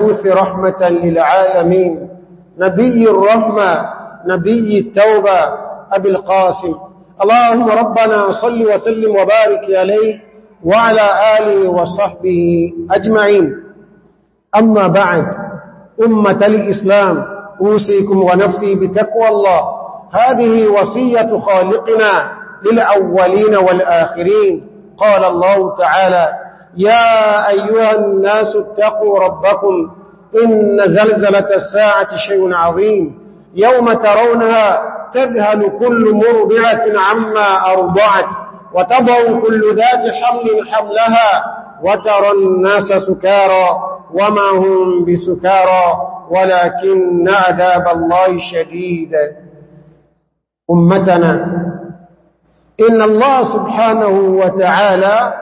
المبعوث رحمة للعالمين نبي الرحمة نبي التوبة أبي القاسم اللهم ربنا صل وسلم وبارك عليه وعلى آله وصحبه أجمعين أما بعد أمة الإسلام أوسيكم ونفسي بتقوى الله هذه وصية خالقنا للأولين والآخرين قال الله تعالى يا أيها الناس اتقوا ربكم إن زلزلة الساعة شيء عظيم يوم ترونها تذهل كل مرضعة عما أرضعت وتضع كل ذات حمل حملها وترى الناس سكارا وما هم بسكارا ولكن عذاب الله شديد أمتنا إن الله سبحانه وتعالى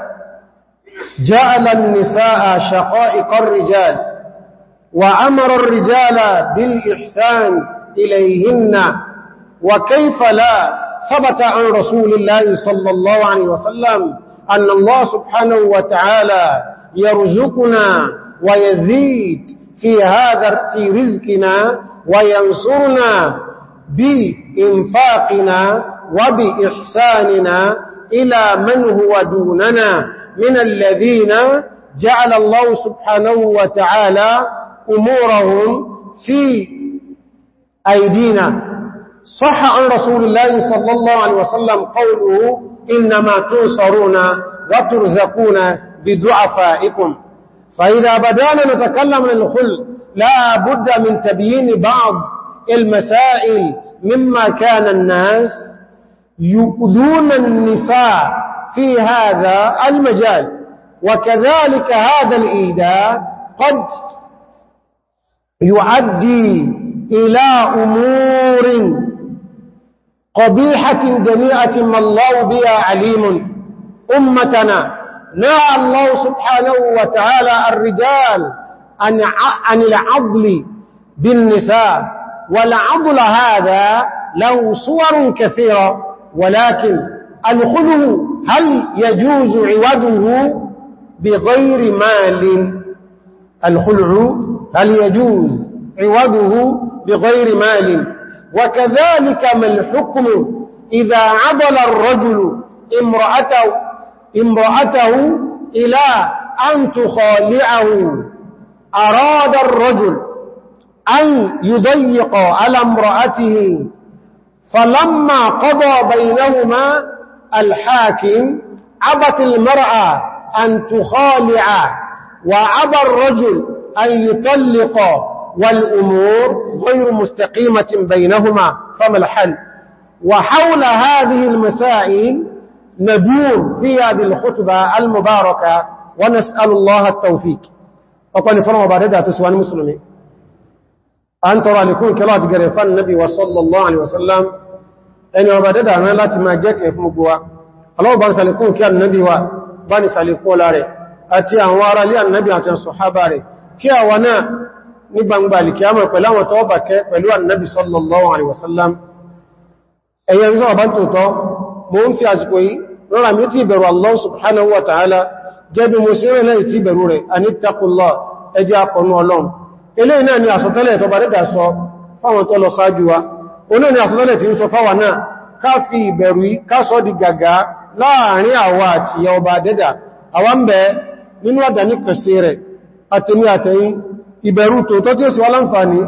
جعل النساء شقائق الرجال وأمر الرجال بالإحسان إليهن وكيف لا ثبت عن رسول الله صلى الله عليه وسلم أن الله سبحانه وتعالى يرزقنا ويزيد في هذا في رزقنا وينصرنا بإنفاقنا وبإحساننا إلى من هو دوننا من الذين جعل الله سبحانه وتعالى أمورهم في أيدينا صح عن رسول الله صلى الله عليه وسلم قوله إنما تنصرون وترزقون بدعفائكم فإذا بدأنا نتكلم عن الخلق لا بد من تبيين بعض المسائل مما كان الناس يؤذون النساء في هذا المجال وكذلك هذا الإيداء قد يعدي إلى أمور قبيحة دنيئة ما الله بها عليم أمتنا نهى الله سبحانه وتعالى الرجال عن العضل بالنساء والعضل هذا له صور كثيرة ولكن الخلو هل يجوز عوضه بغير مال الخلع هل يجوز عوضه بغير مال وكذلك ما الحكم إذا عضل الرجل امرأته, امرأته إلى أن تخالعه أراد الرجل أن يضيق على امرأته فلما قضى بينهما الحاكم عبت المرأة أن تخالع وعبى الرجل أن يطلق والأمور غير مستقيمة بينهما فما الحل وحول هذه المسائل ندور في هذه الخطبة المباركة ونسأل الله التوفيق أقول فرما باردة تسوان مسلمين أن ترى لكون كلاة قريفان النبي صلى الله عليه وسلم ẹni ọba dẹ́dà rán láti máa jẹ́ kẹ fún gbogbo wa aláwọ̀ bá ń sàlékún kí annabi wa bá ní sàlékún ọlá rẹ̀ àti àwọn ará lé annabi àti sọ̀hábà rẹ̀ kí àwa náà ní gbangba alìkíyàmọ̀ pẹ̀lú àwọn tọ́ọ̀bà kẹ pẹ̀lú annabi sallallahu alaihi wasallam ẹ̀yẹ ń sọ́ọ̀bá tòótọ́ mo ń fi àsìkò yìí rọ́ra mi tí ìbẹ̀rù Allah subhanahu onáni àsọ̀lẹ̀ tí ń sọ fáwà náà ká fi ìbẹ̀rù ká sọ di gàgá láàrin àwa àti ya ọba dẹ́dà àwa ń bẹ nínú àdáni kẹsẹ̀ rẹ̀ àtẹni àtẹyìn ìbẹ̀rù tòótọ́ tí ó sì wá láǹfààní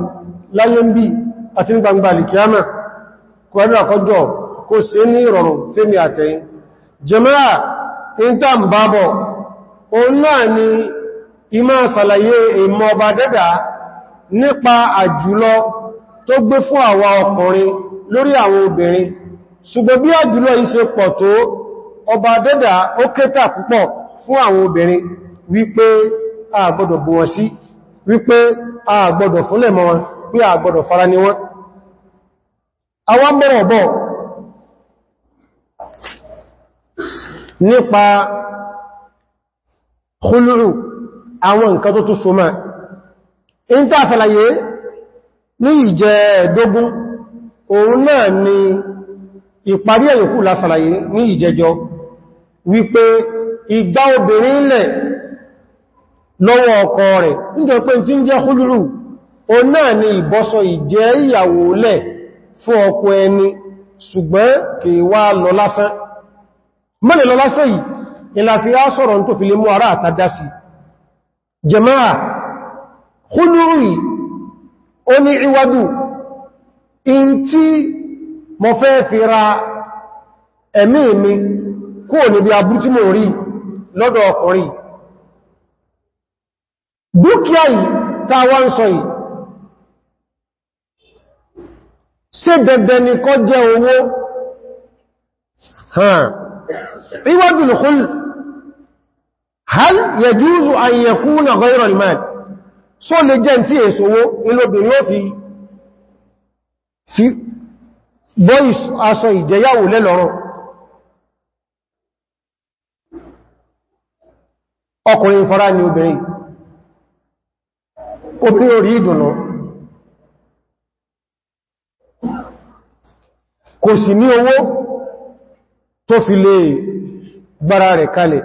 láyé ń bí àti ní gbangba alìkíyàmà ni ìmá ṣàlàyé ìmọ̀ ọba dẹ́dà nípa àjùlọ tó gbé fún àwa ọkùnrin lórí àwọn obìnrin ṣùgbọ́n bí àjùlọ ìṣe pọ̀ tó ọba dẹ́dà ó kéta púpọ̀ fún àwọn obìnrin wípé a gbọ́dọ̀ bù wọn sí wípé a gbọ́dọ̀ fúnlẹ̀ mọ́ ní ìjẹ ẹ̀dógún òun náà ni ìparí ẹ̀yòkú lásàlàyé ní ìjẹjọ wípé ìgbà obìnrin ilẹ̀ lọ́wọ́ ọkọ rẹ̀ nke pé tí ń jẹ́ húlúrù o náà ni ìbọ́sọ ìjẹ́ ìyàwó lẹ̀ fún ọkọ ẹni ṣùgbọ́n kì wá lọ lásán mẹ́lẹ̀ lọ lásán yìí ìlàfíà sọ̀rọ̀ tó fi lè ara àtàdásí ó ní ìwádù in tí mo fẹ́ fi ra ẹ̀mí mi kó níbi abúrútí mo rí lọ́dọ̀ ọkùnrin dúkìá yìí tàwà ń sọ yìí ṣe bẹ̀bẹ̀ ni kọ́ jẹ́ owó ìwádù lùkúlù hal yajuzu an yakuna ghayra só lè jẹ́ tí èso owó ilóbìnrin ó fi sí bọ́ aṣọ ìjẹyàwó lẹ́lọ́rọ̀ ọkùnrin fara ni obìnrin obìnrin orí ìdùnnà kò sì ní owó tó fi lè gbára rẹ̀ kalẹ̀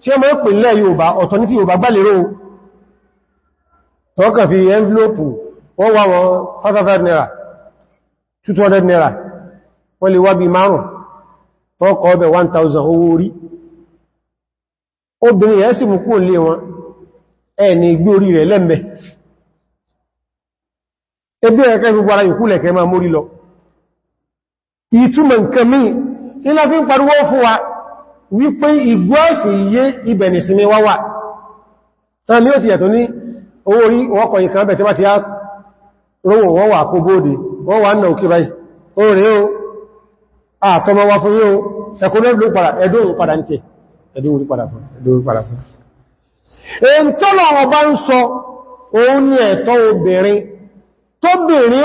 tí ọmọ ìpínlẹ̀ Yorùbá ọ̀tọ̀ ní ti Yorùbá gbálérò tọ́ọ̀kà fi envelope wọ́n wà wọ́n 500 naira 200 naira wọ́n lè wá bí márùn tọ́ọ̀kọ̀ ọbẹ̀ 1000 owó orí obìnrin yẹn sì mú kúrò lé wọn ẹni igbó orí rẹ̀ lẹ́m̀bẹ̀ ebí ẹ̀kẹ́ gbogbo ara yòókù lẹ̀kẹ́ máa mórí lọ ìtumọ̀ wípé ìgbọ́ọ̀sì iye ibẹ̀ nìsinmi wá wà tán ní ó ti yàtọ̀ ní owó orí ọkọ̀ ìkan bẹ̀ tí wá ti á rówò wọ́n wà kó bóòdì wọ́n wà náà òkè báyìí ó rẹ̀ ó àtọmọ wá fún yóò ni ẹ̀tọ́ obìnrin tóbìnrin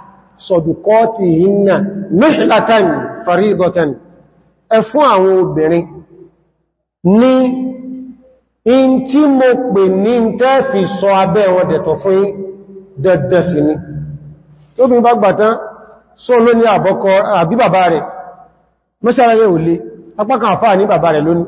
sọ̀dùkọ́tìhìnà níhlatan faridatan ẹ fún àwọn obìnrin ní in tí mo pè ní tẹ́fì sọ abẹ́ wọn dẹ̀tọ̀ fún dẹ̀dẹ̀ sí ni tó bí bá gbàtán só ló ní àbọ́kọ àbí bàbá rẹ̀ mẹ́sàráyẹ̀ ò lè àfáà ní bàbá rẹ̀ lónìí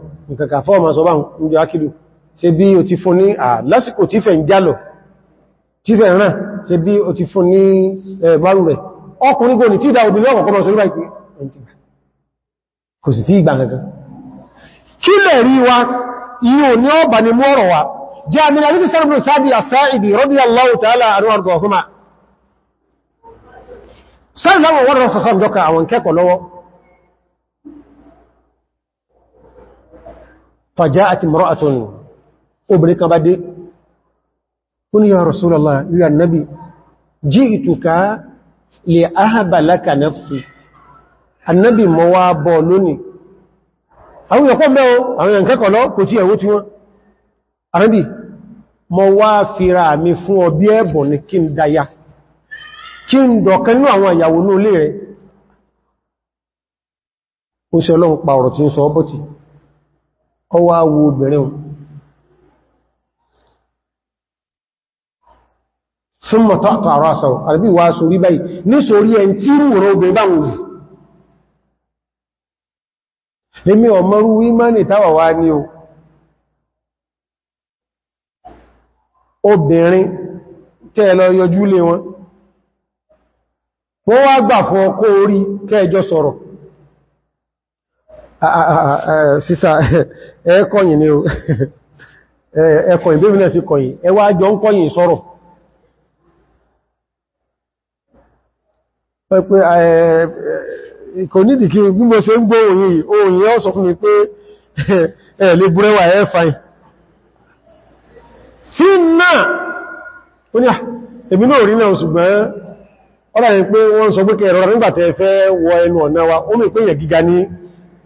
ìkàkà fọ́ ma sọ bá ń jọ ákìlù ṣe bí o ti fún ní àlásìkò tí fẹ́ ń jálọ̀ tí fẹ́ ràn ṣe bí o ti fún ní ẹ̀bárù rẹ̀ ọkùnrin gò ní tí ìdá obìnrin ọkọ̀ kọmọ̀ wa inú ní wa jẹ́ àmìnà ní sẹ́rùn sáàdì àsáìdì ta'ala àrùn àrùn ọ̀fúnmá sáàdì láwọn wọ́n rọ̀ فجاءت امرأة أبنك بدي قل يا رسول الله يا النبي جئتك annabi لك نفسي النبي موابونني àwọn ìyàkọ́ mọ́ wá fìra mi àwọn ìyàwó ní ọlọ́run pa ọ̀rọ̀ tí ń sọ ọwá wo obìnrin fún mọ̀ tọ́tọ̀ àrọ́ àṣàwọ̀ àrẹ́bí wá sórí báyìí ní sórí ẹn tí rú obìnrin bá wùí lèmi ọmọrú wímánì táwà wá ní o obìnrin tẹ́ yọjú lé wọn wọ́n wá gbà fún ọkọ orí kẹjọ sọ̀rọ̀ Ah, ah, ah, eh, sísà ẹ́kọ̀yìn eh, ni o ẹ̀kọ̀yìn bíbínẹ̀ sí kọ̀yìn ẹwà jọ ń kọ̀yìn sọ̀rọ̀ pẹ́pẹ́ eh, kò nídì kí ń gbọ́ òyìn òyìn ọ́ fún mi pé ẹ̀ búrẹ́wà ẹ́ fàyìn tí náà wọ ẹnu ọ̀nà wa ó pé yẹ̀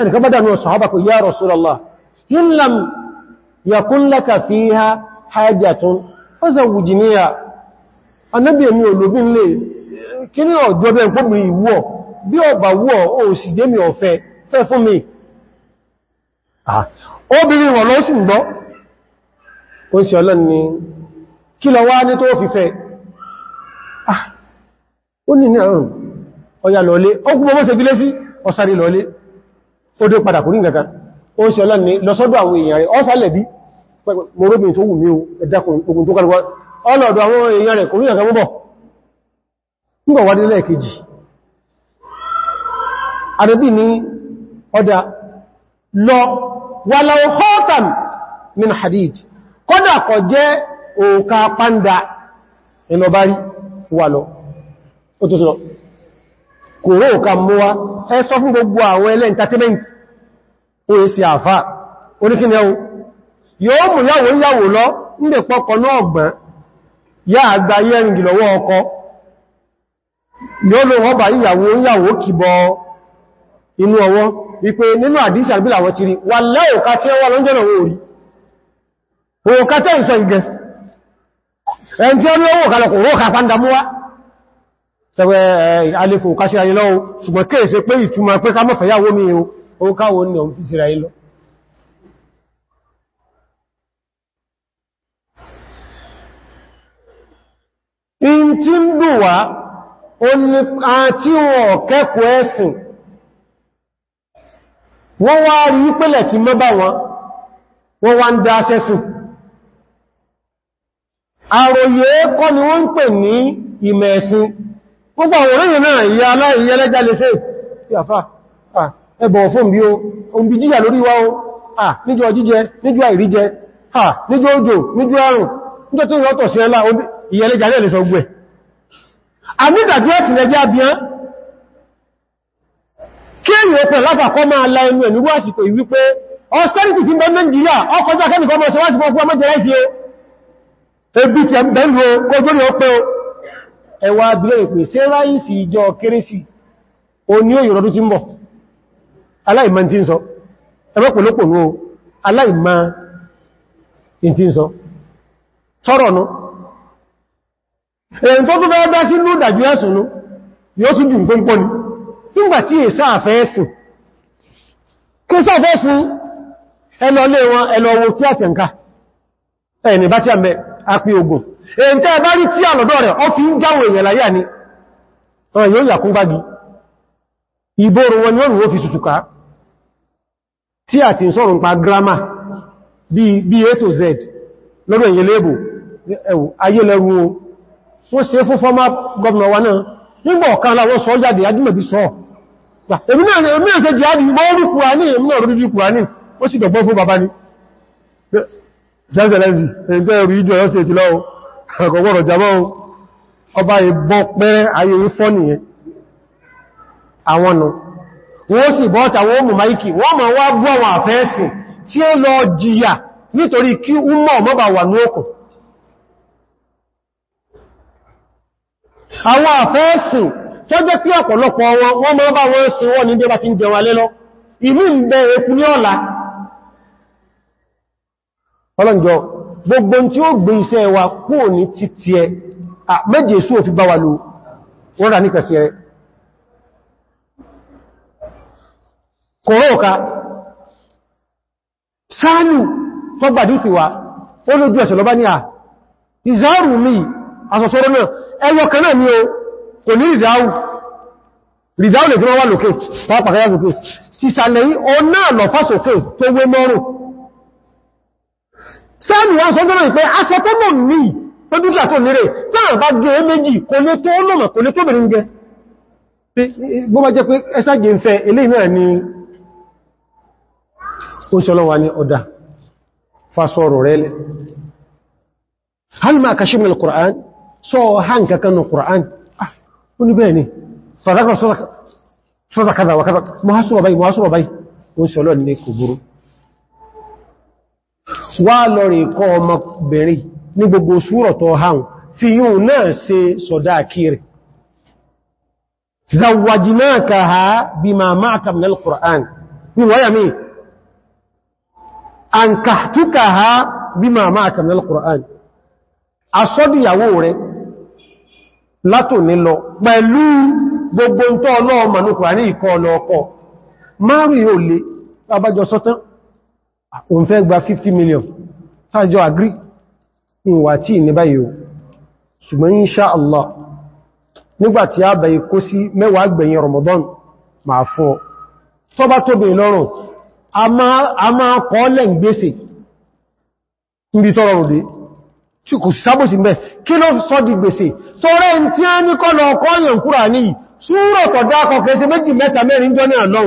ẹnìkan a ní sàhábà kò yá Rasulullah in ya yakun laka fiha hajjatun fazawwijniha anábì èmi olóbin lè kí ní ọjọ́ bẹ́ẹ̀ pọ́bù bí ọba wọ́ o sì dé mi ọ̀fẹ́ fẹ́ fún mi obìnrin wọ̀ ló ń gbọ́ ó ọlọ́n ni kí lọ wá ní tó ó ní ní ó dé padà kò ní ǹkankan ó ń ṣe ọlá ní lọ́sọ́dọ̀ àwọn èèyàn rẹ̀ ọ́sàlẹ̀ bí moróbin tó wù mí ẹ̀dàkùn ogun tó kọlùwọ́ ọlọ́dọ̀ àwọn èèyàn rẹ̀ kò ní ǹkankan min jẹ́ panda wà lọ sọ kòró ka mọ́wá ẹ sọ fún gbogbo àwọn ẹlẹ́ entertainment oye sí àfá oníkíni ẹwọ yóò mú yàwó yàwó lọ ndè pọ́kọ náà gbọ́n yá àgbà yẹ́rìngì lọ́wọ́ ọkọ yóò lọ rọ́bà yàwó yàwó kìbọ inú ọwọ́ wípé nínú àdíṣà tẹwẹ́ eh, alẹ́fò kásíra yìí lọ́wọ́ ṣùgbọ́n kéè ṣe pé ìtumọ̀ pé ká mọ́fẹ̀ yàwó mi o káwọn ní ọmọ ìsìra yìí lọ in tí ń dùn wá àti wọn kẹ́kọ̀ọ́ ẹ̀sìn wọ́n wá rí pẹ́lẹ̀ tí mọ́ wọn wọ́n wá ń dá ìmẹ̀ẹ̀sìn gbogbo àwòrán náà ìyá aláìyẹ lẹ́já lè ṣe ìyàfà ẹbọ̀ fún bí o ń bí jíyà lórí wá o níjọ jíjẹ níjọ àìríjẹ níjọ òjò níjọ àrùn níjọ tó yọ́tọ̀ sí ẹlá ìyẹ lẹ́já lè sọ gbẹ̀ àmìdàjú ẹ̀sìn lẹ́jẹ́ abìyàn kí èyí ọpẹ̀ láfàkọ́ máa la ẹnu ẹ̀nú àsìkò yìí wípé austerity ti bẹ́ Nàìjíríà ọkọjá kẹ́mìkọ́ mọ́ sí wá sí fún ẹwà abúlé ìpè sí ráìsì ìjọ kérésì o ní ó tí ń bọ̀ aláìmá tí ń sọ o aláìmá tí ń sọ tọ́rọ̀ nú èyàn tó tó bẹ́ẹ̀ sí ló no ẹ̀sùn nú yóò tún dùn pọ́npọ́ ni èyí tẹ́ bá rí tí àlọ́dọ́ rẹ̀ ọ fi ń jáwò èèyàn láyé ní ọ̀rọ̀ yóò yàkún gbági ìbòrò wọn yóò rúwó fi sùsùká tí a ti ń sọ́rọ̀ nípa grámà bí a to z lọ́dọ̀ èyàn léèbò ayé lẹ́rú wọ́n ṣe fún fọ́má gọ́ọ̀nà wa náà nígbà ọ̀kan láwọn sọ jáde adúmọ̀bí sọ èmi náà ṣe jihadi mọ́ orí kùránì èmi náà orí kùránì ó sì dọ̀gbọ́ fún bàbá ni zẹ́zẹ̀lẹ́zì ẹ̀yìn orí ìjọ ọ̀sẹ̀ ìtìlọ́wọ́ ẹ̀kọ̀gbọ́rọ̀ jàmọ́ ọba ìbọ́ pẹ́rẹ́ ayé ìfọ́ nìyẹn àwọn nù wọ́n sì bọ́ta wọ́n mú máìkì wọ́n ma wá bú àwọn àfẹ́ẹ̀sì tí ó lọ jìyà nítorí kí umọ̀ mọ́bà wà ní àwọn àfẹ́ẹ̀sì tó jẹ́ pí ọ̀pọ̀lọpọ̀ wọn wọ́n gbogbo tí ó gbé iṣẹ́ wa kúrò ní títí ẹ méje sún òfin bá wa ló wọ́n rà ní kẹsì rẹ̀ kòróòká sáàlù tó gbàdí fi wá ó lójú ẹ̀ṣẹ̀ lọ bá ní à ìzáàrù mi asọ̀sọ́rọ̀ náà ẹwọ kan ni o kò ní ìdáhù ìdáhù lè gbọ́n wà lókè pàápàá sáàmù wọn sọ jọ́nà ìpẹ́ aṣọ tó mọ̀ ní tó dúkìá tó nírè táà bá gẹ́ ẹ e méjì kò lé tó lọ́mà kò lé tó bèèrè ń gẹ bó bá jẹ́ pé ẹsá gẹ́ ń fẹ́ ilé náà ni ó ṣọlọ́wà ní ọ̀dá fásọ̀rọ̀ rẹ̀ lẹ̀ hal ma kashif min al-Qur'an sọ hàn kankan ah, ni kò burú wá lọ́rin kọ́ ọmọbìnrin ní gbogbo súrọ̀ tó hàn fi yíò náà ṣe sọ̀dá kiri zawajinaka ha bima ma'aka minal Qur'an ni wáyà mi an kahtuka ha bima ma'aka minal Qur'an asọ́dìyàwó rẹ̀ látò nílọ pẹ̀lú gbogbo ń ní Qur'ani ìkọ́ ọlọ́ọ̀kọ́ márùn-ún yóò òun fẹ́ gba 50 million tàjọ agri ìwà tí ní báyìí o ṣùgbọ́n insha Allah nígbàtí a bẹ̀yẹ kó sí mẹ́wàá gbẹ̀yìn Ramadan máa fún ọ tó bá tó bèèrè lọ́rùn a máa kọ́ lẹ́n gbèsè níbi tọ́rọ òde tí kò sábòsí di gbèsè tó rẹ̀ tí sí méjì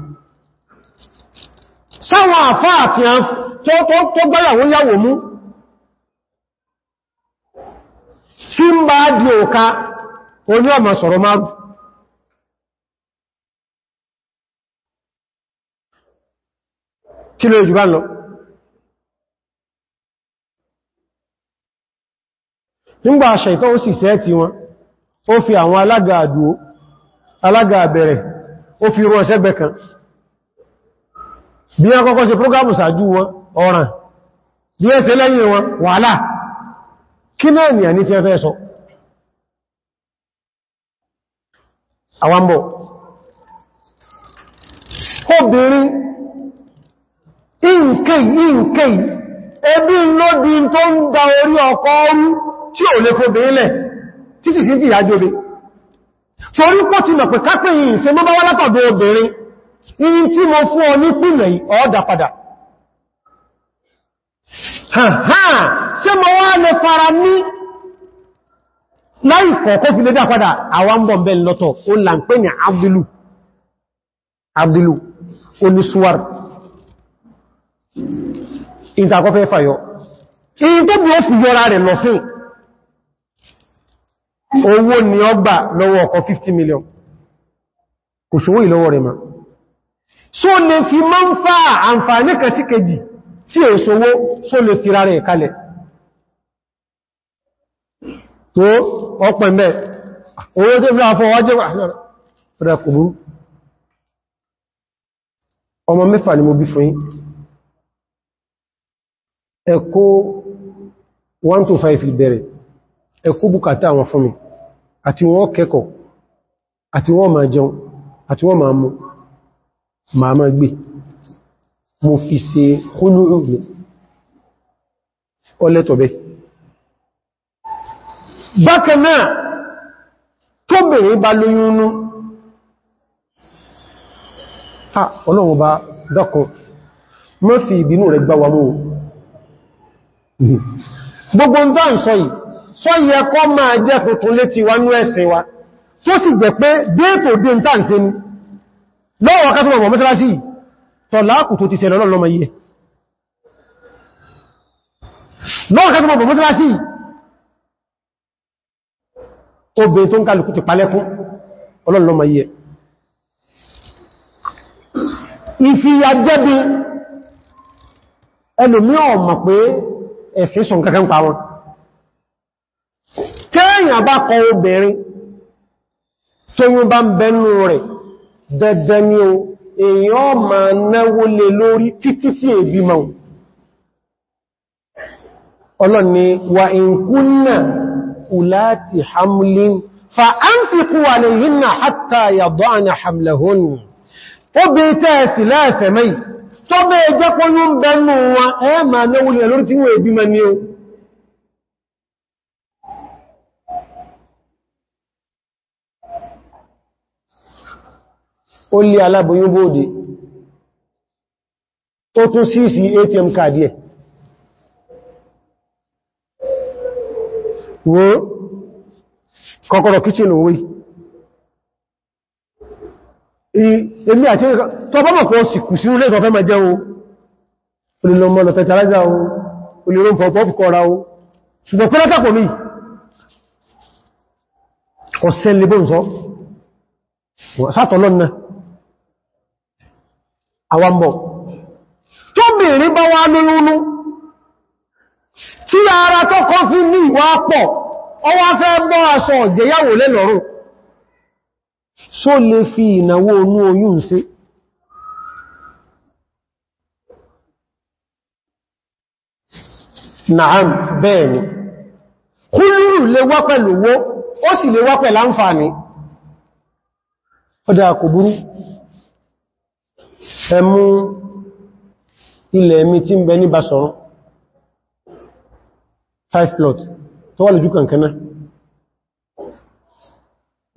sáwọn àfá àti àn tó gbáyàwó yàwó mú tí ń bá di òka oní ọmọ sọ̀rọ̀ márùn kí ló jù bá lọ nígbà àṣà ìtọ́ ó sì sẹ́ẹ̀tì wọn ó fi àwọn alága àdúó alága àbẹ̀rẹ̀ ó fi rú ọ̀sẹ́gbẹ̀ kan bí ọkọkọ si, ṣe prógámù sàájú wọn ọ̀ràn bí wọ́n ṣe lẹ́yìn wọn wàhálà kí náà ni àní tí ẹ fẹ́ sọ àwambọ̀ obìnrin ìǹkẹ́ ìǹkẹ́ ẹbí lódi tó ń da orí ọkọ ọrú tí ò lè fòbìnrin lẹ̀ títì sí ìyájóbe torí pọ̀ ti mọ̀ pẹ̀ in tí mo fún ọ ní ọ̀dà padà ha ṣe wá lè fara ní láìkọ̀ kó fi dá padà àwọn bọ̀ bẹ́ lọ́tọ̀ o là ń ní abdìlú abdìlú oníṣúwar ìtàkọ́fẹ́ fàyọ tó bí ó sì yọra rẹ̀ lọ fún owó ni ọgbà lọ́wọ́ ọkọ̀ 50 million kò ṣòwò ìlọ́wọ́ rẹ̀ só lè fi máa ń fà àǹfààní kan sí kejì tí è ṣòwò só lè fi rárẹ̀ ìkalẹ̀ tó ọpọ̀ ẹ̀mẹ́ owó tó fi àfọwọ́ jẹ́ rẹ̀ kò bú ọmọ mẹ́fà ni mo bí fún yín ẹ̀kọ́ 125 ìbẹ̀rẹ̀ ẹ̀kọ́ bùkátà àwọn fún mi àti wọ́n kẹ́kọ̀ọ́ àti wọ́n máa jẹun àti wọ́n máa mú ma ma gbé mo fi ṣe kúlù ní ọlẹ́tọ̀bẹ̀ bákan náà tó bèèrè bá lóyún nú à ah, ọlọ́run bá dákan mọ́ fi ìbínú rẹ̀ gbá wa mọ́ gbogbo ń dá ń sọ yìí sọ yẹ kọ́ máa jẹ́ tuntun létí wa nú ẹ̀sìn wa tó sì gbẹ̀ pé déètò dé ń tàǹsẹ́ ni lọ́wọ́ ọ̀ká tó mọ̀ mọ́sílásí tọ̀láàkù tó ti sẹ̀lọ lọ́lọ́mọ yìí lọ́wọ́ ọ̀ká tó mọ̀ mọ́sílásí obìnrin tó ń kálùkù ti palẹ́kún ọlọ́lọ́mọ yìí ìfìyàjẹ́bí ẹlòmíràn mọ̀ pé ẹ̀fẹ́ sọ nǹkan kan pa wọn dandan ni o èyàn ma náwó lè lórí títí tí èbí ma o ọlọ́ni wa in kunna ulati hamlin fa anfiqu alayhinna hatta yad'ana hamlahun ó bí tẹ́ẹ̀sì láẹ̀fẹ̀mẹ́ tó bẹ́ẹ̀ jẹ́ pọ́yún ó lé aláboyún bóòdé ó tún síìsì ATM card ẹ̀ wo kọ́kọ́rọ̀ kitchen òwe ilé àti ẹ̀kọ́ tó bá mọ̀ pọ̀ sì kù sínú lẹ́tọ̀ fẹ́ mẹ́ jẹ́ o olùlọ́mọ́ lọ tẹ́tàlájá o olùrùn pọ̀pọ̀ fi kọ́ra o ṣùgbọ́n pẹ́lá tàkò mí ọ̀sẹ́ lè bó àwambọ̀ tó bèèrè bá wá lóyúnú tí ara tó kọ́ fi ní ìwà pọ̀ ọwá fẹ́ bọ́ aṣọ ọ̀jẹ̀yàwó lẹ́lọ́rùn só lè fi ìnáwó onú oyún sí Naam bẹ́ẹ̀ni. Kúlúrù lè wá pẹ̀lú owó, ó sì lè wá pẹ̀lú àǹfààní. Ọdá kò burú, ẹmú ilẹ̀ mi tí ń bẹ ní Basọ̀rún five plot tó wà lójú kankaná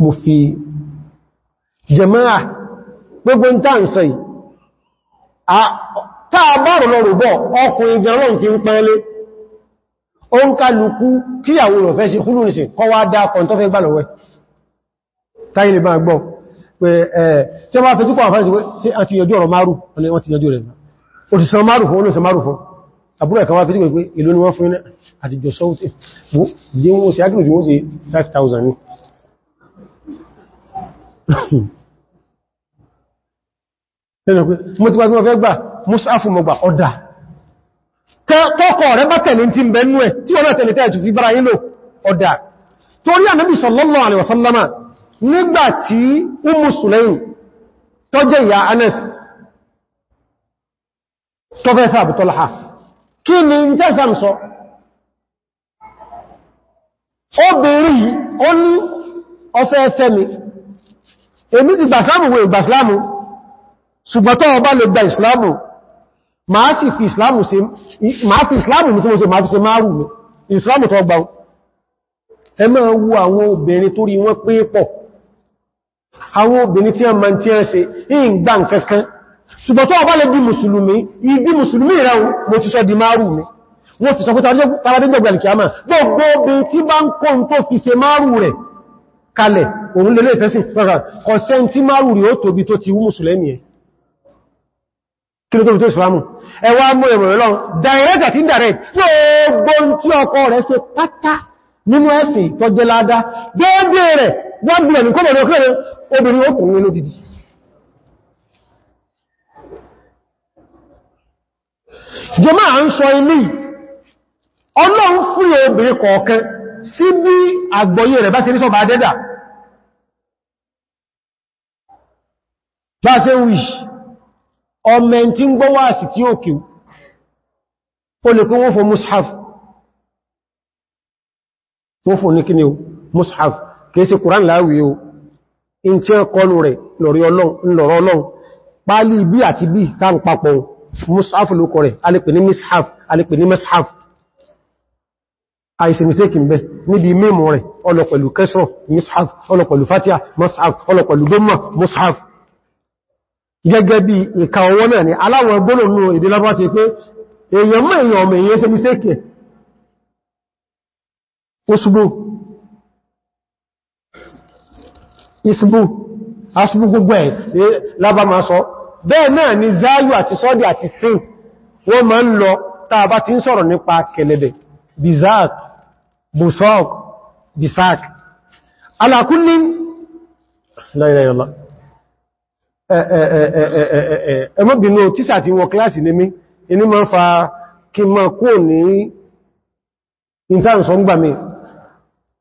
mo fi jẹmáà gbogbo ń tàn sọ yìí táà bọ́rọ̀ lọ rùgbọ́ ọkùnrin gẹ̀rọ̀n kí ń pẹ́lẹ́ ó ń kálukú kíyàwó rọ̀ fẹ́ sí kúrò nìsìn kọwàá dá kọ̀ntọ́fẹ́ gbà lọ́wẹ́ táyìlì máa gbọ́ pé ẹ̀ tí wọ́n fẹ́ túnkọ̀ àfáàrí sí àti yọjú ọ̀rọ̀ márù ọ̀nà wọ́n ti yọjú rẹ̀ òṣìṣẹ́ márù fún olóòṣẹ́ márù fún àbúrò ẹ̀kọ́ wá fi tíkọ̀ pé ìlú ni wọ́n fún iná àdìjọ sọ́ọ̀tì jẹ́ wọ́n tó fi bára yín lò ọ̀dà torí nígbàtí Umu Sulaym tó jẹ́ ìyá Anas tó fẹ́ fẹ́ àbútọ́láha kí ni ń tẹ́sàm sọ ó bèèrè yìí ó ní ọfẹ́ ẹfẹ́ mi èmi ti gbàslámù wọ ìgbàslámù ṣùgbọ́n tó ọba lè gba ìsìlámù máa sì fi ìsìlámù mi tí mo ṣe máa fi ṣe máa rù mi ìsìlámù tó gbáun ẹ máa wo àwọn obìnrin tó wọ́n pé pọ̀ àwọn obìnrin tí a ma tí a ṣe in gbà nkankan ṣùgbọ́n tó ọba lè bí mùsùlùmí ìdí mùsùlùmí rẹ̀ mo ti sọ di márù mi wọ́n ti sọ fún tàbí gbogbo alìkìyàmà gbogbo obìnrin tí bá ń kó tó fi ṣe márù rẹ̀ kalẹ̀ òun lè lẹ́fẹ́sìn pẹ̀lú ọ̀sẹ́ tí márù rẹ̀ ó tóbi tó ti wú mùsùlùmí ẹ̀ kí ló tó tó ìsìlámù ẹwà mọ́ ẹ̀mọ̀ ẹ̀lọ́run direct àti indirect gbogbo tí ọkọ rẹ̀ ṣe pátá nínú ẹ̀sìn tó jẹ́ ládá déédéé rẹ̀ wọ́n bí ẹ̀nì kọ́bọ̀ lọ́kẹ́rẹ́ obìnrin okùnrin ló dìdì jọmá à ń sọ ilé ọlọ́run fún obìnrin kọ̀ọ̀kan sí bí àgbọ́yé rẹ̀ bá ṣe nísọ̀bà adẹ́dà bá ṣe wì lè kún wọ́n fún mushaf wọ́n fún ní mushaf kìí sí kùrán láàwí o in tí ó kọlu rẹ̀ lọ́rọ̀ ọlọ́run pálí bí àti bí tán papọ̀ mushaf lókọ rẹ̀ alìpẹ̀ ní mishaf alìpẹ̀ ní mishaf àìsí mistake ń bẹ níbi mímú rẹ̀ ọlọ̀pẹ̀lú kẹsọ̀ mishaf ọlọ̀pẹ̀lú mushaf òṣùgbò ìṣùgbò aṣùgbò gbogbo ẹ̀ lábá máa sọ bẹ́ẹ̀ náà ni záyù àti sọ́dì àti sin wọ́n máa ń lọ tàbá ti ń sọ̀rọ̀ nípa kẹlẹ̀dẹ̀ bizak busok bisak alákúnlé láìláìlá ẹmọ́bìnú tísà ti wọ kíláàsì ní mi inú máa ń fa kí máa kúrò ní ìtànsọ́ngbàmí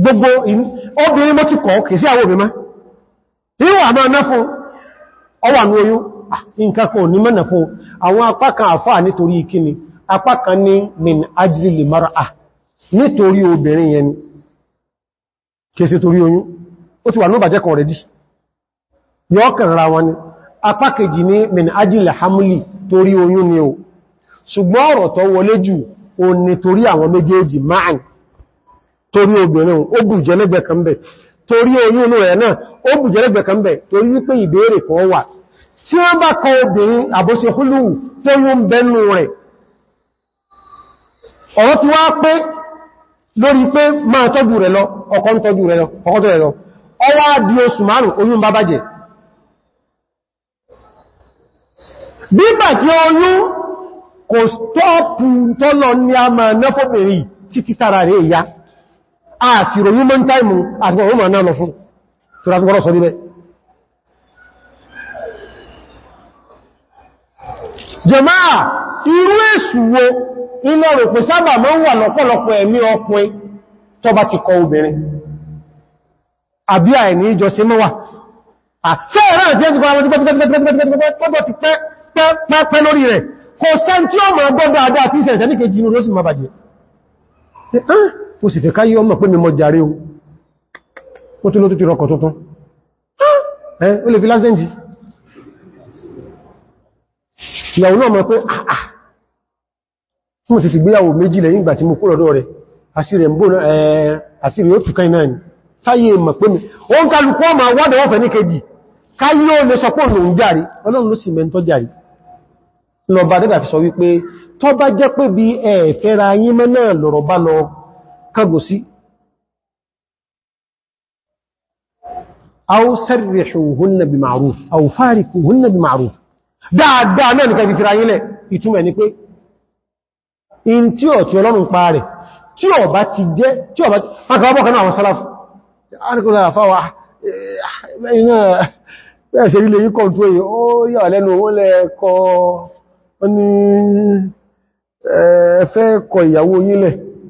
gbogbo obìnrin mọ́ ti kọ̀ kìí sí àwọn obìnrin yíò àmà náfún ọwà ní oyún nǹkankan ní mọ́ náfún àwọn apákan àfáà nítorí ikini apákan ní min ajlil mar'a nítorí obìnrin yẹn kìí sí torí oyún ó ti wà ní bàjẹ́ kan rẹ̀dí yọ́kàn ra ji min ni o ṣùgbọ́n ọ̀rọ̀ tó wọlé jù ní torí àwọn méjèèjì torí obìnrin ó bù jẹ́lẹ́gbẹ̀ kan bẹ̀ torí oyún inú ẹ̀ náà ó bù jẹ́lẹ́gbẹ̀ kan bẹ̀ torí wípé ìbéèrè kan wà tí wọ́n bá kọ obìnrin àbóṣe húlù tó yún ń rẹ̀ ọ̀rọ̀ ti wá pé lórí pé máa tọ́jú rẹ̀ lọ ọkọ tọ́jú rẹ̀ lọ ọwá di oṣù márùn oyún bá bàjẹ́ bígbà tara rẹ̀ àṣìrò ní mọ́n táìmù àti ọmọ náà lọ fún tó ráfi gọ́rọ̀ sọ níbẹ̀. jẹmáà irú èṣù iná rò pé sábà mọ́ wà lọ́pọ̀lọpọ̀ ẹ̀mí ọkùnrin tó bá ti kọ obìnrin àbí àìní ìjọ sí mọ́wà mo sì fẹ́ káyí ọmọ pé mi mọ jàre o ó tó ló tó ti rọkọ̀ tuntun ẹ́ ó lè fi lásẹ́ǹjì ìyàwó náà mọ̀ pé àà ah, tí ah. mo sì ti gbéyàwó méjì lẹ́yìn ìgbà tí mo kúrò rẹ̀ àṣírí ẹ̀ ń bò àṣírí ó tùkán náà ni sáyé mọ̀ pé mi ó ń kálukú ọmọ wádọ̀ wọ́fẹ́ ní kejì káyí ó lè sọ pé òun jàre ọlọ́run ló sì mẹ́ntọ́ jàre lọ bá dẹ́gbà fi sọ wípé tó bá jẹ́ pé bí ẹ̀ẹ̀fẹ́ra yí mẹ́ náà lọ̀rọ̀ bá lọ kàgò sí aw sarrihuhunna bi ma'ruf aw farikuhunna bi ma'ruf dáadáa náà nìkan fífira yílẹ̀ ìtumẹ̀ ni pé in tí ọ̀ tí ọlọ́run pa rẹ̀ tí ọ bá ti jẹ́ tí ọ bá ti akọ̀ọ́bọ̀ kan àwọn sálàfù arìkùnlára fáwà iná bẹ́ẹ̀ ṣe rí lè yí kọ̀ntú èyí ó yà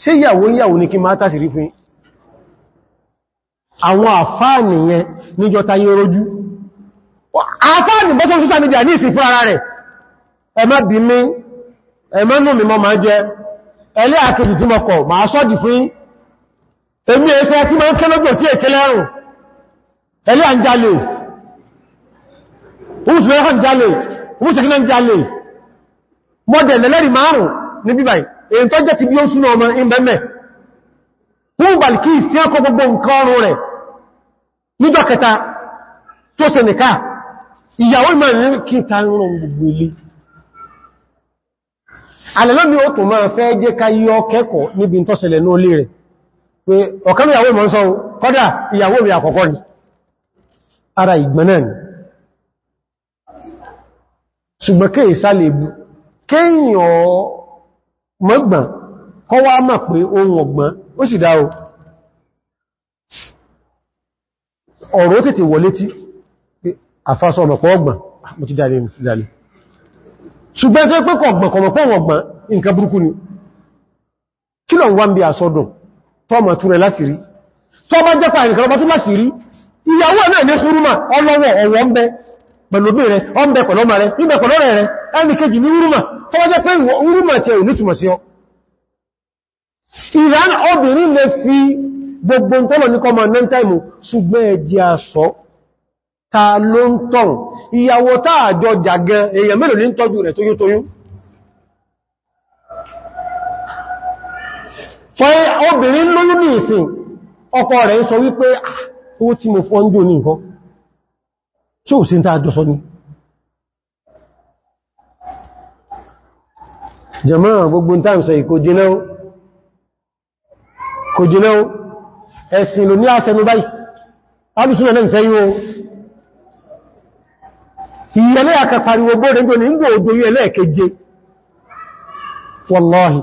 ṣe yàwó yàwó ní kí máa tàṣì rí fún àwọn àfáàní yẹn níjọ ta yẹ rojú àfáàní bọ́sọ̀ social media ní ìsìn fún ara rẹ̀ ẹmọ́ bí mi ẹmọ́ nù mi mọ́ máa jẹ ẹlẹ́ àkejì tí mọ́kọ̀ máa sọ́dì fún èmi ẹ̀fẹ́ tí máa ń kẹ́lọ́gbọ̀ tí èké lẹ́rùn ẹlẹ́ àjálè oúnjẹ ìjálè oúnjẹ ìjálè mọ́dẹ̀ lẹ́lẹ́rì márùn-ún ní bíbáyìí èyí tó jẹ́ ti bí ó súnà ọmọ ìbẹ̀mẹ̀ fún balkis tí a kọ gbogbo nǹkan ọrùn rẹ̀ níjọ́ kẹta tó ṣe nìká ìyàwó ìmọ̀rin kí ta ń rùn gbogbo ilé alẹ́lọ́mí ó tó máa fẹ́ jẹ́ ká yọ kẹ́kọ̀ọ́ níbi tó ṣẹlẹ̀ ara ìgbẹ̀ náà ni ṣùgbọ́n mọ́gbọ̀n kọ́ wá mọ̀ pé ohun ọ̀gbọ̀n ó sì dá o ọ̀rọ̀ tètè wọlé tí àfásọ ọmọ̀pọ̀ ọgbọ̀n ah, mo ti dáre ìdàlẹ̀ ṣùgbọ́n tó pẹ́kọ̀ ọgbọ̀n kọmọ̀pọ̀ ọgbọ̀n nǹkan burúkú ni kí lọ wá ń bí àsọdùn tọ́mọ̀ túnrẹ lásìrí pẹ̀lúbí rẹ̀ ọ́nbẹ̀ pẹ̀lọ́mà rẹ̀ níbẹ̀ pẹ̀lọ́rẹ̀ rẹ̀ ẹni kejì ní urúmà tó wájẹ́ pé urúmà tí sí ọ. obìnrin lè fi gbogbo tọ́lọ̀ ní kọmọ nẹ́ntàìmù ṣùgbọ́n ẹ̀dì àṣọ ta rẹ̀ sọ wípé ah, owó tí mo fọ́ ń jò ní nǹkan tí ò sí ń tàà jọsọ ní jẹmọ́ràn gbogbo ń tàà sọ kò jìnà ó ẹ̀sìn ló ní àṣẹnu báyìí alùsùnà náà sẹ́yìn o ìyẹlẹ́ àkàpàríwò gbóòrè ní ìgbò ògbò yóò ẹlẹ́ẹ̀keje wallahi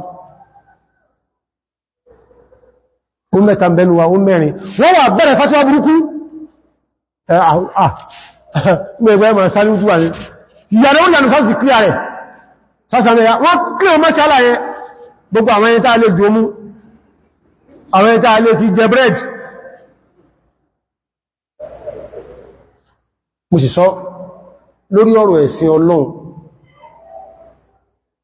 ó mẹ́ta bẹnuwa ó mẹ́rin wọ́n wà bẹ̀rẹ̀ fásitì burúkú gbẹ̀gbẹ̀ ma sáré ojú wà ní ìyàrá ó lànà sáàsì kíyà rẹ̀ sásàmẹ́yà wọ́n kíyà mọ́ṣálà yẹn gbogbo àwọn ẹni tàà lè jù omú àwọn ẹni tàà lè fi jẹ bread mo sì sọ lórí ọ̀rọ̀ ẹ̀sìn ọlọ́run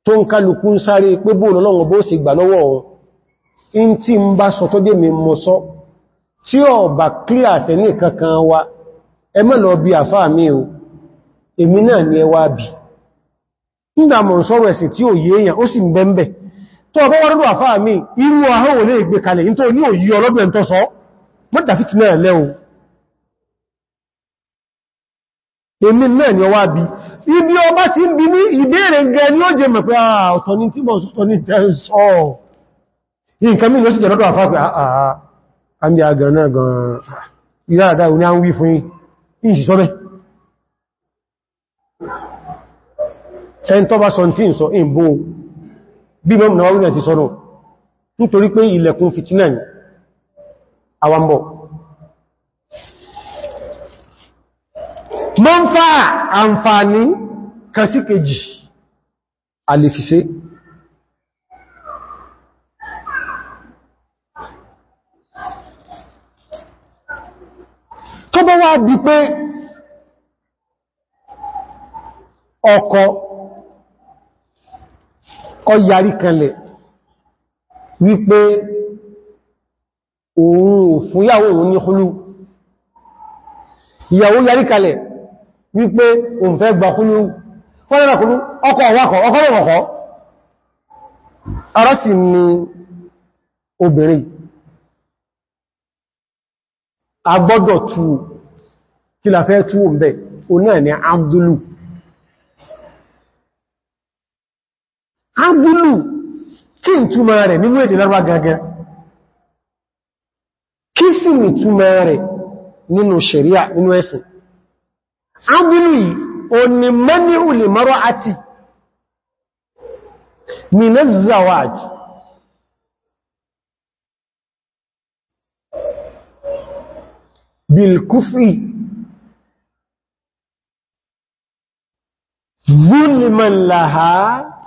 tó ń kálukú ń sáré pé bóòlù ọlọ́run bó sì gbà lọ́wọ́ ọ̀run in tí ń bá sọ tó jẹ́ mi mọ́ sọ tí ọ̀bà kíyà sẹ́ ní kankan wa ẹmọ́ lọ bí àfáà mi o èmi náà ni ẹwà bí nígbà mọ̀ sọ́rọ̀ ẹ̀sìn tí ò yéèyàn ó sì ń bẹ́m̀bẹ̀ tó ọbọ́ wọ́n rọ́rọ̀ àfáà mi irú ahọ́wò lè gbé kalẹ̀ ní tó ní òyí ọlọ́dún ẹ̀ntọ́ sọ ni ọwà ibi ọba ti ń bí ní ìbéèrè gẹ ní ó jẹ mọ̀ pé ah, ọ̀tọ̀ ni tí mọ̀ sọ́tọ̀ ní tẹ́ sọ nǹkan mi ló ìyá àdáwò ní à ń wí fún yìí ìṣìṣọ́bẹ̀ ẹn tọ́bá sọ tí ń sọ in bó bí mọ́ náà orílẹ̀ ti sọ́nà nítorí pé ilẹ̀kùn fìtínà ní àwambọ̀ mọ́ ń fa àǹfààní kàsíkèjì àlèfìṣẹ́ bá wá di pé ọkọ ọyàrí kanlẹ̀ wípé òun fún yàwó òun ní húlú ìyàwó yàrí kalẹ̀ wípé òun fẹ́ gbà húlú fọ́lẹ́rẹ̀ kúrú ọkọ̀ ọwákọ̀ ara sì ni obìnrin agbọ́dọ̀ tún kí la fẹ́ túwò ń bẹ́ o náà ni abdulu abdulu kí n túmọ̀ rẹ̀ nínú èdè lárúbá gangan kí sì ní túmọ̀ rẹ̀ nínú ṣẹ̀ríà nínú ẹ̀sìn abdulu yìí o ni mẹ́ni ulè mọ́rọ̀ àti min az ظلما لها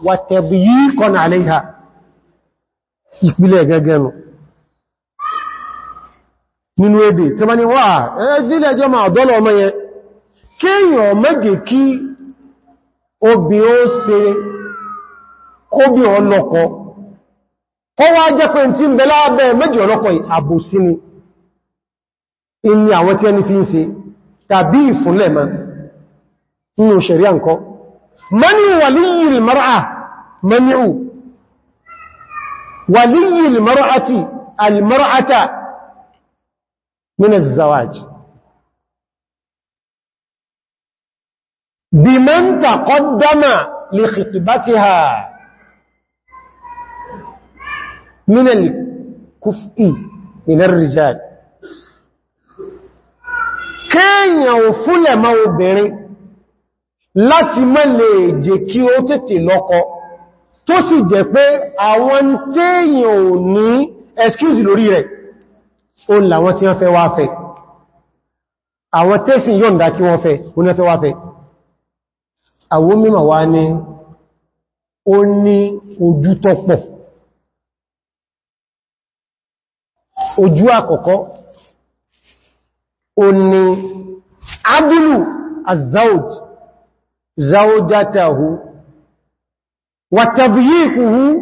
وتضييقا عليها ìpìlẹ̀ gẹ́gẹ́nu nínú ihe tí ma ni wà ẹgbìlẹ̀ ẹjọ́ ma ọ̀dọ́lọ̀ ọmọ yẹn kéèyàn méje kí obì ó ṣe kóbí ọlọ́kọ kọ́ wá jẹ́ pé tí ń bẹ lábẹ́ méjì ọlọ́kọ àbòsí ni ìní àwọn fi ma nínú ṣẹ̀rí من ولي المرأة منع ولي المرأة المرأة من الزواج بمن تقدم لخطبتها من الكفء من الرجال كان يوفل ما láti mọ́ lè jẹ́ kí ó tètè lọ́kọ tó sì jẹ́ pé àwọn tẹ́yìn ò ní excuse lórí rẹ̀ ó làwọn tí wọ́n fẹ́ wá fẹ́ àwọn tẹ́sìn yọ̀ǹda kí wọ́n fẹ́ oní fẹ́ wá fẹ́ àwọn mímọ̀ wá ní ó ní ojú tọ́pọ̀ ojú àkọ́kọ́ ó ní abúlù azawj زوجته وتضييقه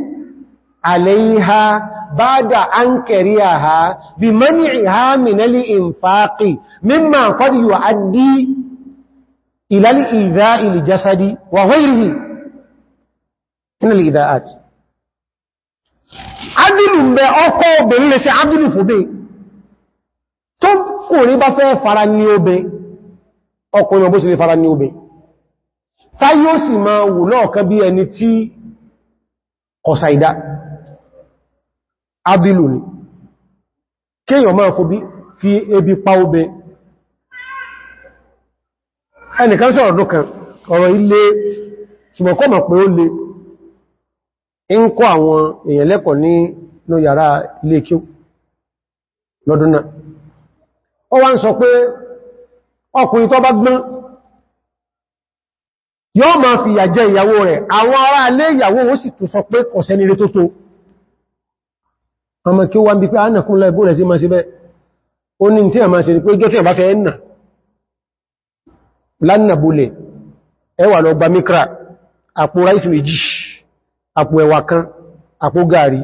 عليها بعد أن كريها بمنعها من الإنفاق مما قد يؤدي إلى الإذاء لجسد وغيره من الإيذاءات عدل بأقو بلس عدل فبي تبقوا لبفه فرانيوبي أقول يبوس لفرانيوبي táyé ó sì máa wù náà kan bí ẹni tí kọ̀sà ìdá abìlù ni kéèyàn máa fòbí fi ebi pa obe ẹnìkan sọ̀rọ̀ ọdún kan ọ̀rọ̀ ilé ṣùgbọ́n mọ̀ pé ó le ń kọ́ àwọn èèyàn lẹ́kọ̀ọ́ ní ló yàrá ilé kí lọ́dún náà ó wá ń sọ pé ọkùnrin tó bá gbọ́n yóò máa fi ìyà jẹ ìyàwó rẹ̀ àwọn ará alé ìyàwó ó sì tún sọ pé ọ̀sẹ̀ ni tó tó ọmọ kí ó wá ń bí pé a nàkún láìbó rẹ̀ sí máa ṣe bẹ́ẹ̀ ó ní tí a máa ṣe ní pé jọ́ tí a bá fẹ́ ẹ̀nà lánàbólẹ̀ ẹwà lọ gba mikra àpò ráìsì méjì àpò ẹ̀wà kan àpò gàrí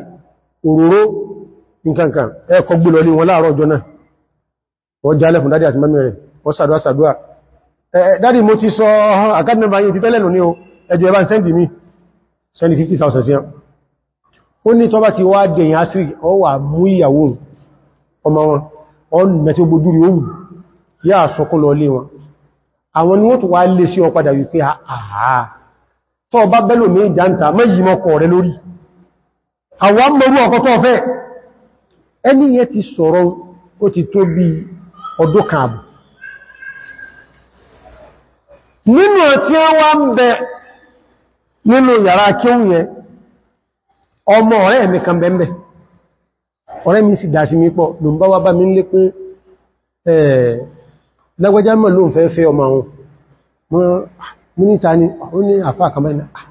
òróró nǹkankan ẹ̀kọ́ gbé lọ ní wọn láàárọ̀ ọjọ́ náà wọ́n jálẹ̀ fún dádì àti mọ́mí wọ́n sàdúwà sàdúwà Eh, eh, dáàdì mo ti sọ àkáàdì nọ́mbà yìí ti tẹ́lẹ̀ nù o ẹjọ́ ẹbá ń sẹ́ndì mí sẹ́ndì 50,000 sí ó ní tọ́bá ti wá dẹ̀yìn asiri ọ wà mú ìyàwó ọmọ wọn ọ̀nà tí ó gbójú rí ohun lé wọn àwọn ni wọ́n tó wá lè sí ọ padà wípé ah, àhà nínú tí ó wá ń bẹ nínú yàrá kí ó yẹ ọmọ ọ̀rẹ́ mi kan bẹ̀m̀bẹ̀ ọ̀rẹ́ mi sì dáṣí mi pọ̀ ló ń bá wá bá mi lé pé lágbàjá mọ̀ ló ń fẹ́ fẹ́ ọmọ wọn mú níta ni ó ní àfá àkàmẹ́lẹ̀ ah,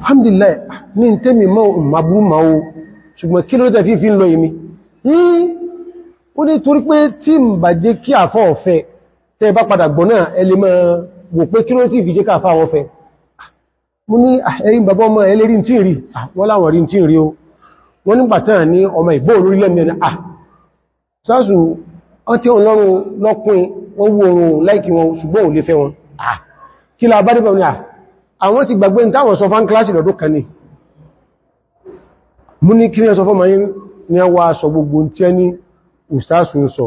alhamdulillah ní ah, tẹ́mi mọ́ màbú ma o ṣùgbọ́n kí ló tẹ́fí fi tẹ́ bá padà gbọ́ náà ẹlé mọ́ wò pé kí ló tí fi jẹ́ káàfà wọ́n fẹ́ mú ní ẹ̀yìn bàbá ọmọ ẹlẹ́rí tí rí wọ́n láwọn rí tí rí o wọ́n nígbà tán ní ọmọ ìgbó olórí lẹ́mìnà à sáàsù wọ́n tí ọlọ́run lọ́pin wọ́n wo oòrùn láìkí wọn ṣùgbọ́n ò lè fẹ́ wọn kí la bá dé bẹ̀rẹ̀ àwọn ti gbàgbé ní táwọn sọ fán kíláàsì lọ́dún kan ní mú ní ni a wá sọ gbogbo tí ẹni ustaasu sọ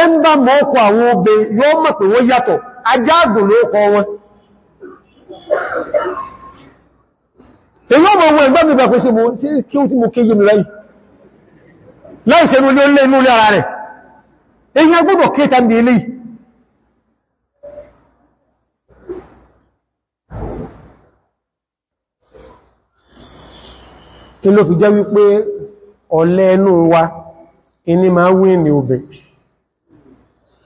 ẹmbà mọ́ ọkọ̀ àwọn obè yóò mọ̀ pé wọ́n yàtọ̀ ajágùn ló kọ wọn èyí ọmọ ohun ẹgbẹ́ mi bẹ̀kọ́ sí mú kí ó tí mú kí yí mi láì láì ṣe lé inú lára rẹ̀ èyí kéta ilé kí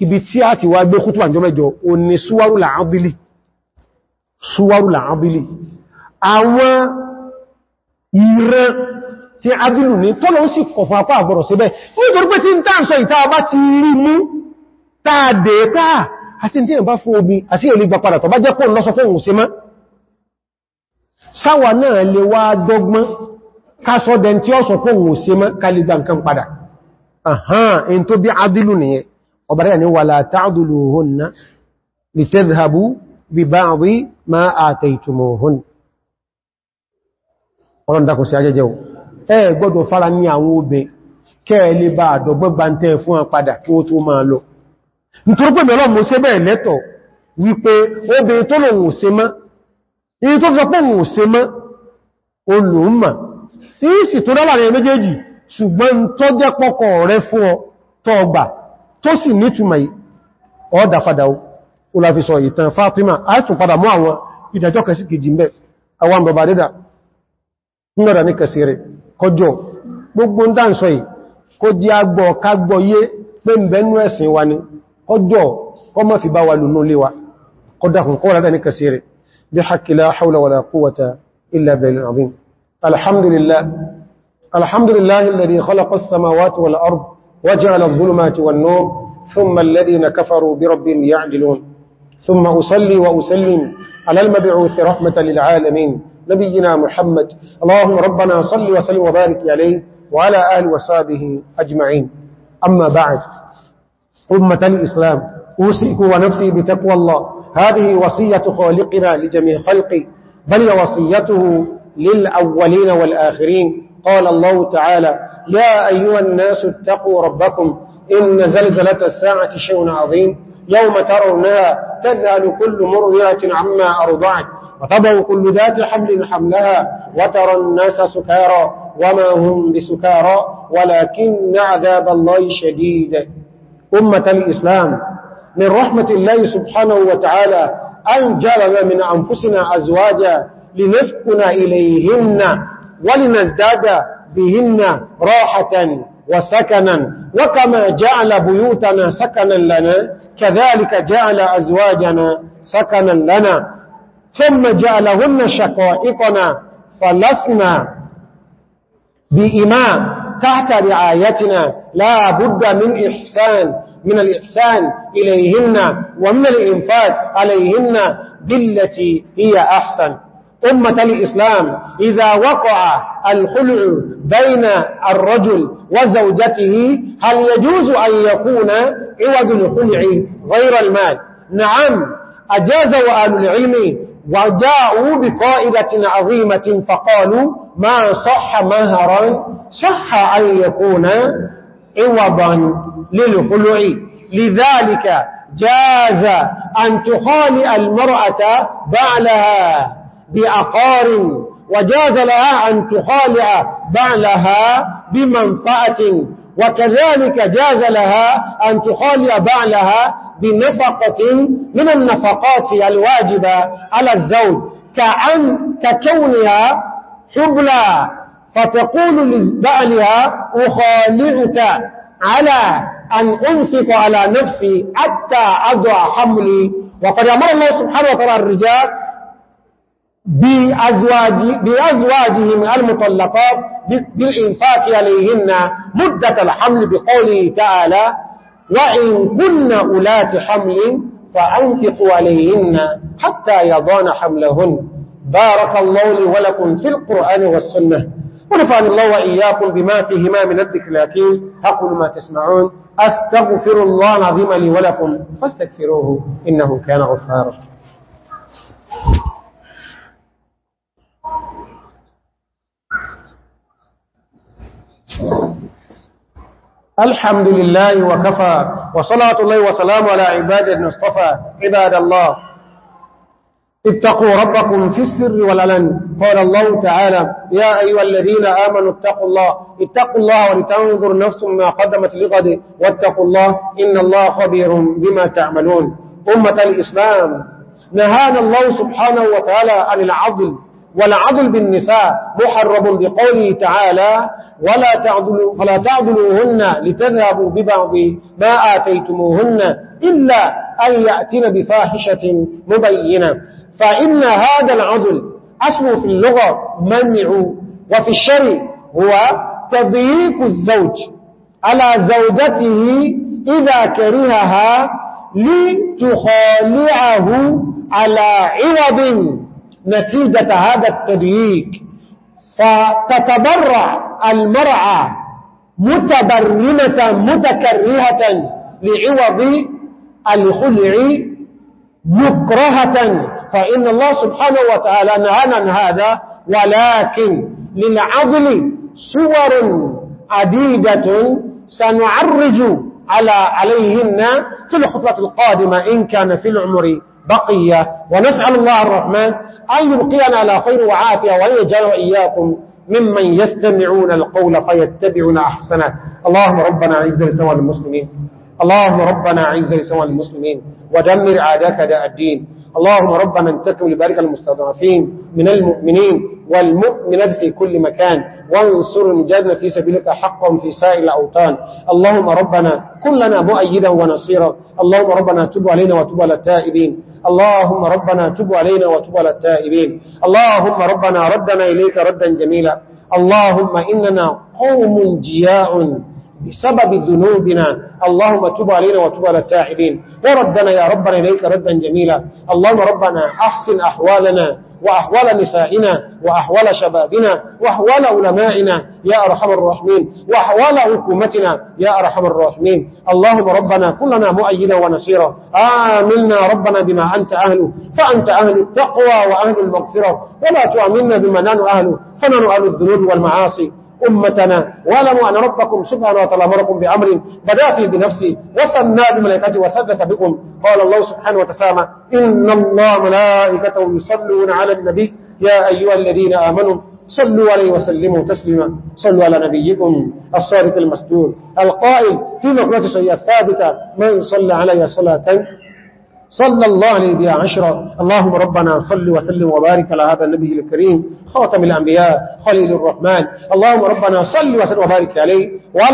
ibi tí a ti wá gbé kútùwà jọ mẹ́jọ o ni súwárùlà ábílì súwárùlà ábílì àwọn ìran tí ábílù ní tọ́lọ ó sì kọ̀fà apá àbọ̀rọ̀ síbẹ̀ nítorí pé tí ń tàà sọ ìta bá ti rí mú tààdé táà àti tí ìbá fún omi àti èlé gbà padà tó bá jẹ́ kó lọ́sọ fún òun sí mọ́ sáwà náà lè wá dọ́gbọ́n kásọ́dẹ̀ tí ó sọ fún òun sí mọ́ kálígbà nǹkan padà ahán in tó bí adìlù nìyẹn ọba rẹ̀ ni wala ta'duluhunna litadhhabu bi ba'di ma ataytumuhun ọlọ́n dákùn sí ajẹ́jẹ́ ẹ gbọ́dọ̀ fara ní àwọn obè kẹ́ẹ̀lé bá àdọ̀gbọ́gbàntẹ́ fún àpadà kí ó tó máa lọ nítorí pé mẹ́lọ́ mo ṣe bẹ́ẹ̀ lẹ́tọ̀ tó sì nítumọ̀ ọ̀dà padà olàfisọ̀ ìtàn Fátímà àìtùn padà mọ́ àwọn ìdájọ́ kẹsí kejì mẹ́ àwọn bàbá dédà nínọ̀dà ní kẹsì rẹ̀ kọjọ gbogbo dáǹsọ̀ yìí kó di agbọ̀ kagbọ̀ yé pé ń bẹnú ẹ̀sìn wa ni kọjọ kọ mọ́ fi bá wa lùnú lé wa kọdàkùn kọ́ rádà ní kẹsì وجعل الظلمات والنور ثم الذين كفروا بربهم يعدلون ثم أصلي وأسلم على المبعوث رحمة للعالمين نبينا محمد اللهم ربنا صل وسلم وبارك عليه وعلى أهل وصابه أجمعين أما بعد أمة الإسلام أوسئك ونفسي بتقوى الله هذه وصية خالقنا لجميع خلقي بل وصيته للأولين والآخرين قال الله تعالى يا أيها الناس اتقوا ربكم إن زلزلة الساعة شيء عظيم يوم ترونها تذهل كل مرضعة عما أرضعت وتضع كل ذات حمل حملها وترى الناس سكارا وما هم بسكارا ولكن عذاب الله شديد أمة الإسلام من رحمة الله سبحانه وتعالى أن جعلنا من أنفسنا أزواجا لنسكن إليهن ولنزداد بهن راحة وسكنا وكما جعل بيوتنا سكنا لنا كذلك جعل أزواجنا سكنا لنا ثم جعلهن شقائقنا فلسنا بإماء تحت رعايتنا لا بد من إحسان من الإحسان إليهن ومن الإنفاق عليهن بالتي هي أحسن أمة الإسلام إذا وقع الخلع بين الرجل وزوجته هل يجوز أن يكون عوض الخلع غير المال نعم أجاز وآل العلم وجاءوا بقائدة عظيمة فقالوا ما صح مهرا صح أن يكون عوضا للخلع لذلك جاز أن تخالئ المرأة بعلها بأقار وجاز لها أن تخالع بعلها بمنفعة وكذلك جاز لها أن تخالع بعلها بنفقة من النفقات الواجبة على الزوج كأن ككونها حبلى فتقول لبعلها أخالعك على أن أنفق على نفسي حتى أضع حملي وقد أمر الله سبحانه وتعالى الرجال بأزواجه بأزواجهم المطلقات بالإنفاق عليهن مدة الحمل بقوله تعالى وإن كن أولات حمل فأنفقوا عليهن حتى يضان حملهن بارك الله لي ولكم في القرآن والسنة ونفعني الله وإياكم بما فيهما من الذكر الأكيد أقول ما تسمعون أستغفر الله العظيم لي ولكم فاستكفروه إنه كان غفارا الحمد لله وكفى وصلاة الله وسلام على عباد المصطفى عباد الله اتقوا ربكم في السر والعلن قال الله تعالى يا أيها الذين آمنوا اتقوا الله اتقوا الله ولتنظر نفس ما قدمت لغد واتقوا الله إن الله خبير بما تعملون أمة الإسلام نهان الله سبحانه وتعالى عن العضل والعضل بالنساء محرم بقوله تعالى ولا تعدلوا فلا تعذلوهن لتذهبوا ببعض ما آتيتموهن إلا أن يأتن بفاحشة مبينة فإن هذا العدل أصل في اللغة منع وفي الشر هو تضييق الزوج على زوجته إذا كرهها لتخالعه على عوض نتيجة هذا التضييق فتتبرع المرأة متبرمة متكرهة لعوض الخلع مكرهة فإن الله سبحانه وتعالى نهانا عن هذا ولكن للعضل صور عديدة سنعرج على عليهن في الخطبة القادمة إن كان في العمر بقية ونسأل الله الرحمن أن يبقينا على خير وعافية وأن يجعل إياكم ممن يستمعون القول فيتبعون أحسنه اللهم ربنا عز لسوى المسلمين اللهم ربنا عز لسوى المسلمين ودمر عاداك داء الدين اللهم ربنا انتكم لبارك المستضعفين من المؤمنين والمؤمنات في كل مكان وانصر المجادنا في سبيلك حقا في سائر الأوطان اللهم ربنا كلنا مؤيدا ونصيرا اللهم ربنا تب علينا وتب على التائبين اللهم ربنا تب علينا وتب على التائبين اللهم ربنا ردنا إليك ردا جميلا اللهم إننا قوم جياء بسبب ذنوبنا اللهم تب علينا وتب على التائبين وردنا يا ربنا إليك ردا جميلا اللهم ربنا أحسن أحوالنا وأحوال نسائنا وأحوال شبابنا وأحوال علمائنا يا أرحم الراحمين وأحوال حكومتنا يا أرحم الراحمين اللهم ربنا كلنا مؤيدا ونصيرا آمنا ربنا بما أنت أهله فأنت أهل التقوى وأهل المغفرة ولا تؤمنا بما نحن أهله فنحن أهل الذنوب والمعاصي أمتنا واعلموا أن ربكم سبحانه وتعالى أمركم بأمر بدأته بنفسه وصلنا بملائكته وثبت بكم قال الله سبحانه وتسامى إن الله ملائكته يصلون على النبي يا أيها الذين آمنوا صلوا عليه وسلموا تسليما صلوا على نبيكم الصادق المسجود القائل في مقلة شيئة ثابتة من صلى علي صلاة صلى الله عليه بها عشرة اللهم ربنا صل وسلم وبارك على هذا النبي الكريم خاتم الأنبياء خليل الرحمن اللهم ربنا صل وسلم وبارك عليه وعلى